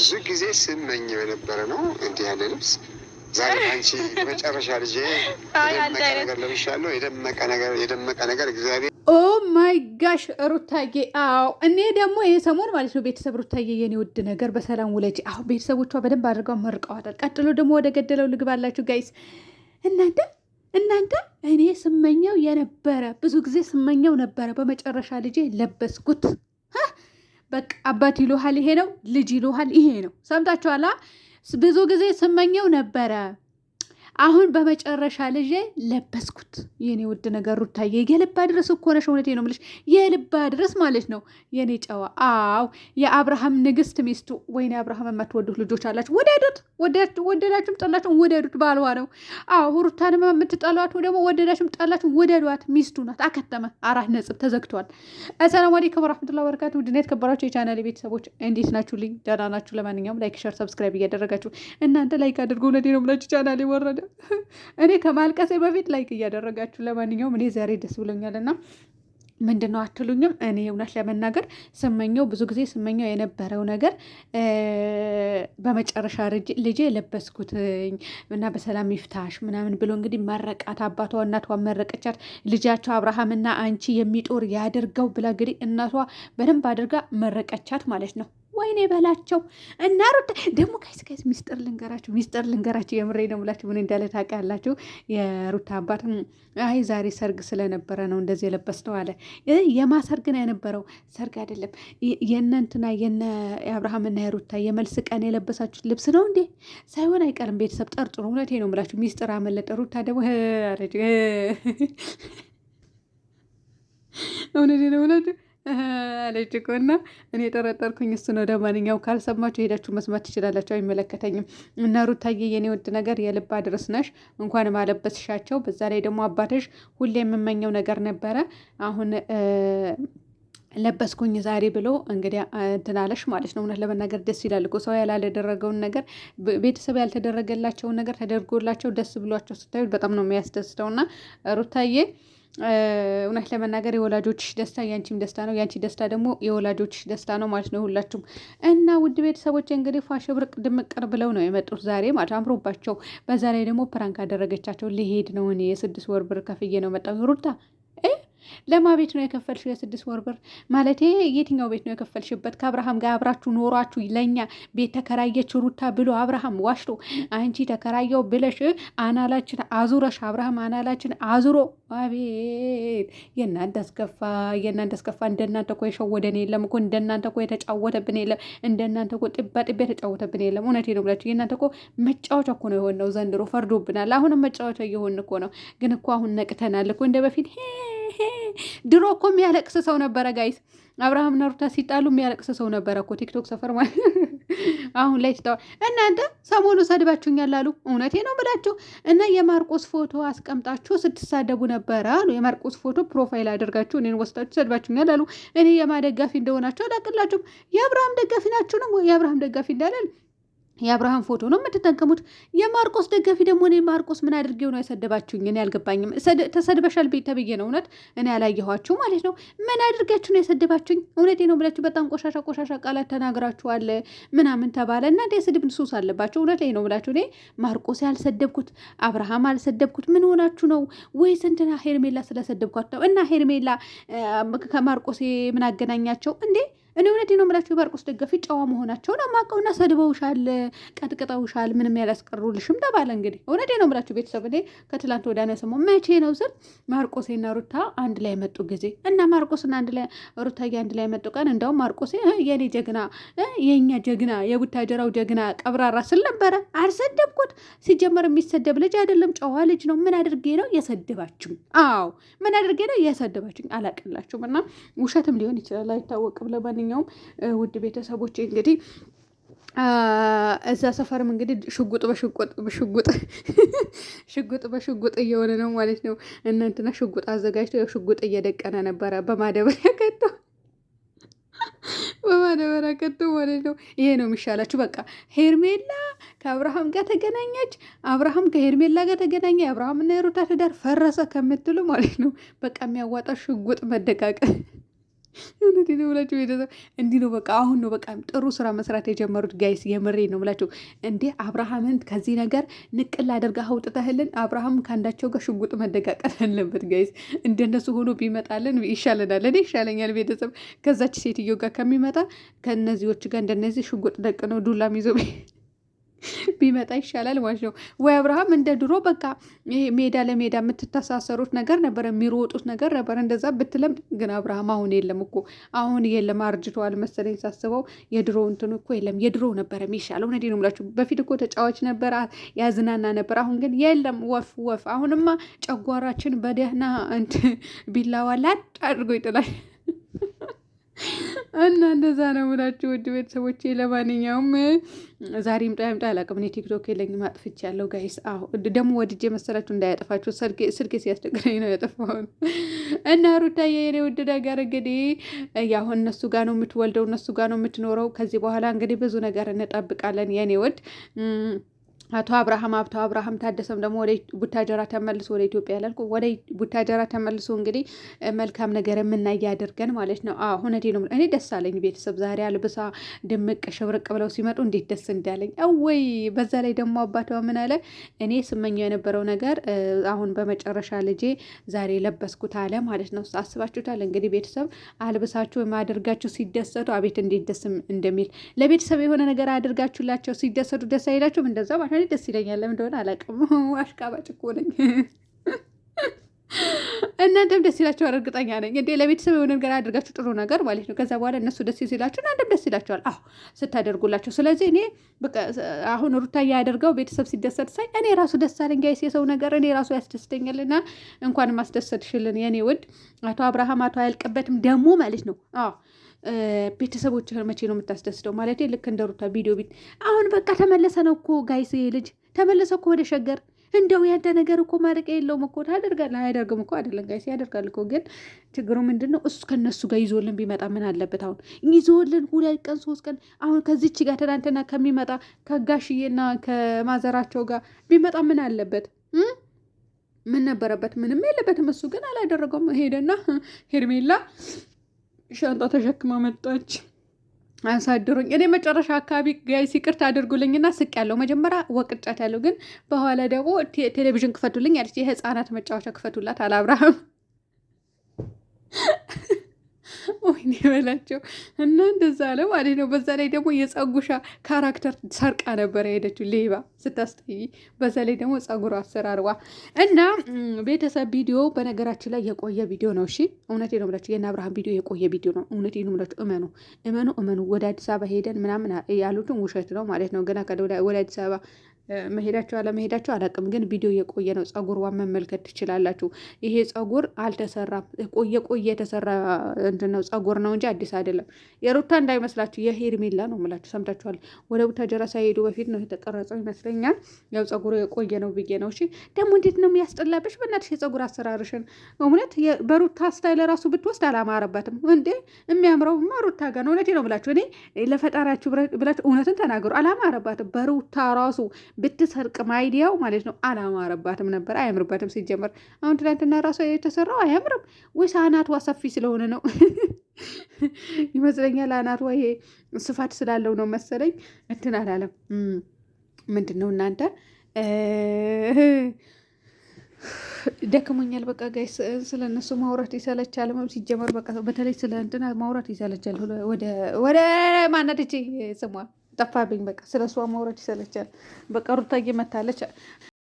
ብዙ ጊዜ ስመኘው የነበረ ነው እንዲህ ያለ ልብስ። ዛሬ አንቺ መጨረሻ ልጄ የደመቀ ነገር ለብሻለሁ። የደመቀ ነገር የደመቀ ነገር እግዚአብሔር ኦ ማይ ጋሽ ሩታዬ። አዎ እኔ ደግሞ ይሄ ሰሞን ማለት ነው ቤተሰብ ሩታዬ የኔ ውድ ነገር በሰላም ውለጅ። አሁ ቤተሰቦቿ በደንብ አድርገው መርቀዋታል። ቀጥሎ ደግሞ ወደ ገደለው ልግባላችሁ ጋይስ። እናንተ እናንተ እኔ ስመኘው የነበረ ብዙ ጊዜ ስመኘው ነበረ በመጨረሻ ልጄ ለበስኩት። በቃ አባት ይሉሃል ይሄ ነው። ልጅ ይሉሃል ይሄ ነው። ሰምታችኋላ። ብዙ ጊዜ ስመኘው ነበረ አሁን በመጨረሻ ልጄ ለበስኩት። የኔ ውድ ነገር ሩታዬ የልባ ድረስ እኮ ነሽ። እውነቴ ነው የምልሽ የልባ ድረስ ማለት ነው የኔ ጨዋ። አዎ የአብርሃም ንግስት ሚስቱ። ወይኔ አብርሃም የማትወዱት ልጆች አላችሁ። ወደዱት፣ ወደዳችሁም ጠላችሁ ወደዱት። ባልዋ ነው። አዎ ሩታን የምትጠሏት ደግሞ ወደዳችሁም ጠላችሁ ወደዷት። ሚስቱ ናት። አከተመ። አራት ነጥብ ተዘግቷል። አሰላሙ አለይኩም ወራህመቱላሂ ወበረካቱ። ውድና የተከበራችሁ የቻናሌ ቤተሰቦች እንዴት ናችሁልኝ? ልኝ ደህና ናችሁ? ለማንኛውም ላይክ፣ ሸር፣ ሰብስክራይብ እያደረጋችሁ እናንተ ላይክ አድርጎ እውነቴ ነው የምላችሁ ቻናሌ ወረደ እኔ ከማልቀሴ በፊት ላይክ እያደረጋችሁ፣ ለማንኛውም እኔ ዛሬ ደስ ብሎኛል እና ምንድን ነው አትሉኝም? እኔ እውነት ለመናገር ስመኘው ብዙ ጊዜ ስመኘው የነበረው ነገር በመጨረሻ ልጄ የለበስኩትኝ እና በሰላም ይፍታሽ ምናምን ብሎ እንግዲህ መረቃት፣ አባቷ እናቷ መረቀቻት። ልጃቸው አብርሃምና አንቺ የሚጦር ያድርገው ብላ እንግዲህ እናቷ በደንብ አድርጋ መረቀቻት ማለት ነው። ወይኔ በላቸው እና ሩታ ደግሞ ከይስ ከይስ ሚስጥር ልንገራችሁ፣ ሚስጥር ልንገራችሁ። የምሬ ነው ብላችሁ ምን እንዳለ ታውቃላችሁ? የሩት አባት አይ ዛሬ ሰርግ ስለነበረ ነው እንደዚህ የለበስነው አለ። የማ ሰርግ ነው የነበረው? ሰርግ አይደለም። የነ እንትና የነ አብርሃምና የሩታ የመልስ ቀን የለበሳችሁት ልብስ ነው እንዴ? ሳይሆን አይቀርም። ቤተሰብ ጠርጥሩ። እውነቴ ነው ብላችሁ ሚስጥር አመለጠ። ሩታ ደግሞ እውነቴ ነው ብላችሁ አለች እኮ እና እኔ የጠረጠርኩኝ እሱ ነው። ለማንኛውም ካልሰማችሁ ሄዳችሁ መስማት ትችላላችሁ፣ አይመለከተኝም። እና ሩታዬ የኔ ውድ ነገር የልብ አድርስ ነሽ፣ እንኳንም አለበስሻቸው። በዛ ላይ ደግሞ አባትሽ ሁሌ የምመኘው ነገር ነበረ አሁን ለበስኩኝ ዛሬ ብሎ እንግዲህ እንትን አለሽ ማለት ነው። እውነት ለመናገር ደስ ይላል እኮ ሰው ያላደረገውን ነገር ቤተሰብ ያልተደረገላቸውን ነገር ተደርጎላቸው ደስ ብሏቸው ስታዩ በጣም ነው የሚያስደስተውና ሩታዬ እውነት ለመናገር የወላጆችሽ ደስታ ያንቺም ደስታ ነው፣ ያንቺ ደስታ ደግሞ የወላጆችሽ ደስታ ነው ማለት ነው ሁላችሁም። እና ውድ ቤተሰቦች እንግዲህ ፋሽብርቅ ድምቅር ብለው ነው የመጡት ዛሬ ማለት አምሮባቸው። በዛ ላይ ደግሞ ፕራንክ አደረገቻቸው። ሊሄድ ነው እኔ የስድስት ወር ብር ከፍዬ ነው መጣሁ ሩታ ለማ ቤት ነው የከፈልሽው የስድስት ወር ብር? ማለቴ የትኛው ቤት ነው የከፈልሽበት? ከአብርሃም ጋር አብራችሁ ኖሯችሁ ለእኛ ቤት ተከራየች ሩታ ብሎ አብርሃም ዋሽቶ አንቺ ተከራየው ብለሽ አናላችን አዙረሽ አብርሃም አናላችን አዙሮ አቤት የእናንተ አስከፋ የእናንተ አስከፋ። እንደናንተ እኮ የሸወደን የለም እኮ እንደናንተ እኮ የተጫወተብን የለም እንደናንተ እኮ ጥባ ጥቤ የተጫወተብን የለም። እውነቴ ነው ብላችሁ የእናንተ እኮ መጫወቻ እኮ ነው የሆነው። ዘንድሮ ፈርዶብናል። አሁንም መጫወቻ እየሆን እኮ ነው። ግን እኮ አሁን ነቅተናል እኮ እንደ በፊት ድሮ እኮ የሚያለቅስ ሰው ነበረ ጋይስ። አብርሃም ነሩታ ሲጣሉ የሚያለቅስ ሰው ነበረ እኮ ቲክቶክ ሰፈር ማለት አሁን ላይ ትተዋል። እናንተ ሰሞኑ ሰድባችሁኛል አሉ። እውነቴ ነው ብላችሁ እና የማርቆስ ፎቶ አስቀምጣችሁ ስትሳደቡ ነበረ አሉ። የማርቆስ ፎቶ ፕሮፋይል አድርጋችሁ እኔን ወስዳችሁ ሰድባችሁኛል አሉ። እኔ የማደጋፊ ደጋፊ እንደሆናችሁ አላቅላችሁም። የአብርሃም ደጋፊ ናችሁ ነው የአብርሃም ደጋፊ እንዳለን የአብርሃም ፎቶ ነው የምትጠቀሙት። የማርቆስ ደጋፊ ደግሞ እኔ ማርቆስ ምን አድርጌው ነው ያሰደባችሁኝ? እኔ አልገባኝም። ተሰድበሻል ተብዬ ነው እውነት፣ እኔ ያላየኋችሁ ማለት ነው። ምን አድርጋችሁ ነው የሰደባችሁኝ? እውነቴ ነው ብላችሁ በጣም ቆሻሻ ቆሻሻ ቃላት ተናግራችኋል ምናምን ተባለ። እናንተ የስድብ ንሱስ አለባችሁ። እውነት ነው ብላችሁ እኔ ማርቆስ ያልሰደብኩት አብርሃም አልሰደብኩት። ምን ሆናችሁ ነው? ወይ ስንትና ሄርሜላ ስለሰደብኳት ነው? እና ሄርሜላ ከማርቆስ ምን አገናኛቸው እንዴ? እኔ እውነቴን ነው የምላችሁ የማርቆስ ደጋፊ ጨዋ መሆናቸውን አማቀውና ሰድበውሻል፣ ቀጥቅጠውሻል፣ ምንም ያላስቀሩልሽም ተባለ። እንግዲህ እውነቴን ነው የምላችሁ ቤተሰብ እኔ ከትላንት ወዲያ ነው የሰማሁት። መቼ ነው ስል ማርቆሴና ሩታ አንድ ላይ መጡ ጊዜ እና ማርቆስና አንድ ላይ ሩታዬ አንድ ላይ መጡ ቀን እንደውም ማርቆሴ የኔ ጀግና የእኛ ጀግና የቡታጀራው ጀግና ቀብራራ ስል ነበረ። አልሰደብኩት። ሲጀመር የሚሰደብ ልጅ አይደለም፣ ጨዋ ልጅ ነው። ምን አድርጌ ነው የሰደባችሁኝ? አዎ ምን አድርጌ ነው የሰደባችሁኝ? አላቅላችሁም እና ውሸትም ሊሆን ይችላል አይታወቅም። ለማንኛውም ለማንኛውም ውድ ቤተሰቦች እንግዲህ እዛ ሰፈርም እንግዲህ ሽጉጥ በሽጉጥ ሽጉጥ በሽጉጥ እየሆነ ነው ማለት ነው። እናንትና ሽጉጥ አዘጋጅቶ ሽጉጥ እየደቀነ ነበረ በማደበሪያ ቀዶ በማደበሪያ ቀዶ ማለት ነው። ይሄ ነው የሚሻላችሁ። በቃ ሄርሜላ ከአብርሃም ጋር ተገናኘች፣ አብርሃም ከሄርሜላ ጋር ተገናኘ፣ የአብርሃምና የሩታ ትዳር ፈረሰ ከምትሉ ማለት ነው። በቃ የሚያዋጣው ሽጉጥ መደቃቀል እውነቴን ነው የምላቸው ቤተሰብ እንዲህ ነው። በቃ አሁን ነው በቃ ጥሩ ስራ መስራት የጀመሩት ጋይስ፣ የምሬ ነው የምላቸው። እንዴ አብርሃምን ከዚህ ነገር ንቅል አድርገህ አውጥተህልን፣ አብርሃም ከአንዳቸው ጋር ሽጉጥ መደቃቀል አለበት ጋይስ። እንደነሱ ሆኖ ቢመጣልን ይሻለናል። እኔ ይሻለኛል ቤተሰብ ከዛች ሴትዮ ጋር ከሚመጣ ከእነዚዎች ጋር እንደነዚህ ሽጉጥ ደቅ ነው ዱላም ይዞ ቢመጣ ይሻላል ማለት ነው። ወይ አብርሃም እንደ ድሮ በቃ ይሄ ሜዳ ለሜዳ የምትተሳሰሩት ነገር ነበረ፣ የሚሮጡት ነገር ነበረ። እንደዛ ብትለም ግን አብርሃም አሁን የለም እኮ አሁን የለም፣ አርጅተዋል መሰለኝ ሳስበው። የድሮ እንትኑ እኮ የለም። የድሮ ነበረ የሚሻለው። እውነቴን ነው የምላችሁ። በፊት እኮ ተጫዋች ነበረ፣ ያዝናና ነበር። አሁን ግን የለም፣ ወፍ ወፍ። አሁንማ ጨጓራችን በደህና ቢላዋ ላጥ አድርጎ ይጥላል። እና እንደዛ ነው ብላችሁ ውድ ቤተሰቦቼ፣ ለማንኛውም ዛሬ ይምጣ ይምጣ አላውቅም። እኔ ቲክቶክ የለኝም አጥፍቼ ያለው ጋይስ። አዎ ደግሞ ወድጄ መሰላችሁ እንዳያጠፋችሁ ስልኬ ሲያስቸግረኝ ነው ያጠፋውን። እና ሩታዬ የኔ ውድ ነገር እንግዲህ ያሁን እነሱ ጋር ነው የምትወልደው፣ እነሱ ጋር ነው የምትኖረው። ከዚህ በኋላ እንግዲህ ብዙ ነገር እንጠብቃለን የኔ ውድ አቶ አብርሃም አብቶ አብርሃም ታደሰም ደግሞ ወደ ቡታጀራ ተመልሶ ወደ ኢትዮጵያ ላልኩ ወደ ቡታጀራ ተመልሶ እንግዲህ መልካም ነገር የምናይ ያደርገን ማለት ነው። አዎ እውነቴ ነው። እኔ ደስ አለኝ። ቤተሰብ ዛሬ አልብሳ ድምቅ ሽብርቅ ብለው ሲመጡ እንዴት ደስ እንዳለኝ ወይ! በዛ ላይ ደግሞ አባቷ ምን አለ? እኔ ስመኘው የነበረው ነገር አሁን በመጨረሻ ልጄ ዛሬ ለበስኩት አለ ማለት ነው። አስባችሁታል እንግዲህ ቤተሰብ አልብሳችሁ ወይም አድርጋችሁ ሲደሰቱ አቤት እንዴት ደስ እንደሚል ለቤተሰብ የሆነ ነገር አድርጋችሁላቸው ሲደሰቱ ደስ አይላችሁም? እንደዛ ማለት እኔ ደስ ይለኛል። ለምን እንደሆነ አላውቅም። አሽቃባጭ እኮ ነኝ። እናንተም ደስ ይላቸዋል፣ እርግጠኛ ነኝ እንዴ። ለቤተሰብ የሆነ ነገር አድርጋችሁ ጥሩ ነገር ማለት ነው። ከዛ በኋላ እነሱ ደስ ሲላቸው እናንተም ደስ ይላቸዋል፣ አዎ ስታደርጉላቸው። ስለዚህ እኔ አሁን ሩታ እያደርገው ቤተሰብ ሲደሰት ሳይ እኔ ራሱ ደስ አለኝ። ጋይስ የሰው ነገር እኔ ራሱ ያስደስተኛልና እንኳን ማስደሰትሽልን የኔ ውድ አቶ አብርሃም አቶ አያልቅበትም ደግሞ ማለት ነው። አዎ ቤተሰቦችህን መቼ ነው የምታስደስተው? ማለት ልክ እንደ ሩታ ቪዲዮ ቢት አሁን በቃ ተመለሰ ነው እኮ ጋይስ፣ ልጅ ተመለሰ እኮ ወደ ሸገር እንደው ያንተ ነገር እኮ ማለቂያ የለውም እኮ ታደርጋለህ። አያደርግም እኮ አይደለም ጋይስ፣ ያደርጋል እኮ። ግን ችግሩ ምንድን ነው? እሱ ከነሱ ጋር ይዞልን ቢመጣ ምን አለበት? አሁን ይዞልን ሁለት ቀን ሶስት ቀን አሁን ከዚች ጋር ትናንትና ከሚመጣ ከጋሽዬና ከማዘራቸው ጋር ቢመጣ ምን አለበት? ምን ነበረበት? ምንም የለበትም። እሱ ግን አላደረገውም። ሄደና ሄርሜላ ሻንጣ ተሸክማ መጣች። አሳድሩኝ እኔ መጨረሻ አካባቢ ጋይስ ይቅርታ አድርጉልኝና ስቅ ያለው መጀመሪያ ወቅጫት ያለው ግን በኋላ ደግሞ ቴሌቪዥን ክፈቱልኝ ያለች የህፃናት መጫወቻ ክፈቱላት አላብርሃም ወይኔ በላቸው እና እንደዛ አለ ማለት ነው። በዛ ላይ ደግሞ የፀጉሻ ካራክተር ሰርቃ ነበር የሄደችው ሌባ ስታስጠይ በዛ ላይ ደግሞ ጸጉሩ አሰራርዋ እና ቤተሰብ ቪዲዮ በነገራችን ላይ የቆየ ቪዲዮ ነው። እሺ እውነቴ ነው ብላቸው የእነ አብርሃም ቪዲዮ የቆየ ቪዲዮ ነው። እውነቴ ነው ብላቸው እመኑ፣ እመኑ፣ እመኑ። ወደ አዲስ አበባ ሄደን ምናምን ያሉትን ውሸት ነው ማለት ነው። ገና ወደ አዲስ አበባ መሄዳቸው አለመሄዳቸው አላቅም፣ ግን ቪዲዮ የቆየ ነው። ጸጉርዋን መመልከት ትችላላችሁ። ይሄ ጸጉር አልተሰራም፣ ቆየ ቆየ የተሰራ እንትን ነው ጸጉር ነው እንጂ አዲስ አይደለም። የሩታ እንዳይመስላችሁ የሄርሜላ ነው የምላችሁ። ሰምታችኋል። ወደ ቡታ ጀራ ሳይሄዱ በፊት ነው የተቀረጸው ይመስለኛል። ያው ጸጉሩ የቆየ ነው ብዬ ነው። እሺ ደግሞ እንዴት ነው የሚያስጠላብሽ? በእናትሽ የጸጉር አሰራርሽን እውነት በሩታ ስታይል ራሱ ብትወስድ አላማረባትም እንዴ። የሚያምረውማ ሩታ ጋር ነው። እውነቴ ነው የምላችሁ። እኔ ለፈጣሪያችሁ ብላችሁ እውነትን ተናገሩ። አላማረባትም በሩታ ራሱ ብትሰርቅ አይዲያው ማለት ነው አላማረባትም ነበር። አያምርባትም ሲጀመር። አሁን ትናንትና ራሷ የተሰራው አያምርም ወይስ አናትዋ ሰፊ ስለሆነ ነው ይመስለኛል። አናትዋ ይሄ ስፋት ስላለው ነው መሰለኝ እንትን አላለም። ምንድን ነው እናንተ ደክሞኛል በቃ ጋይ ስለ እነሱ ማውራት ይሰለቻል። ሲጀመር በቃ በተለይ ስለ እንትና ማውራት ይሰለቻል። ወደ ማናት እቺ ስሟል ጠፋብኝ። በቃ ስለ እሷ ማውረድ ይሰለቻል። በቃ ሩታዬ መታለች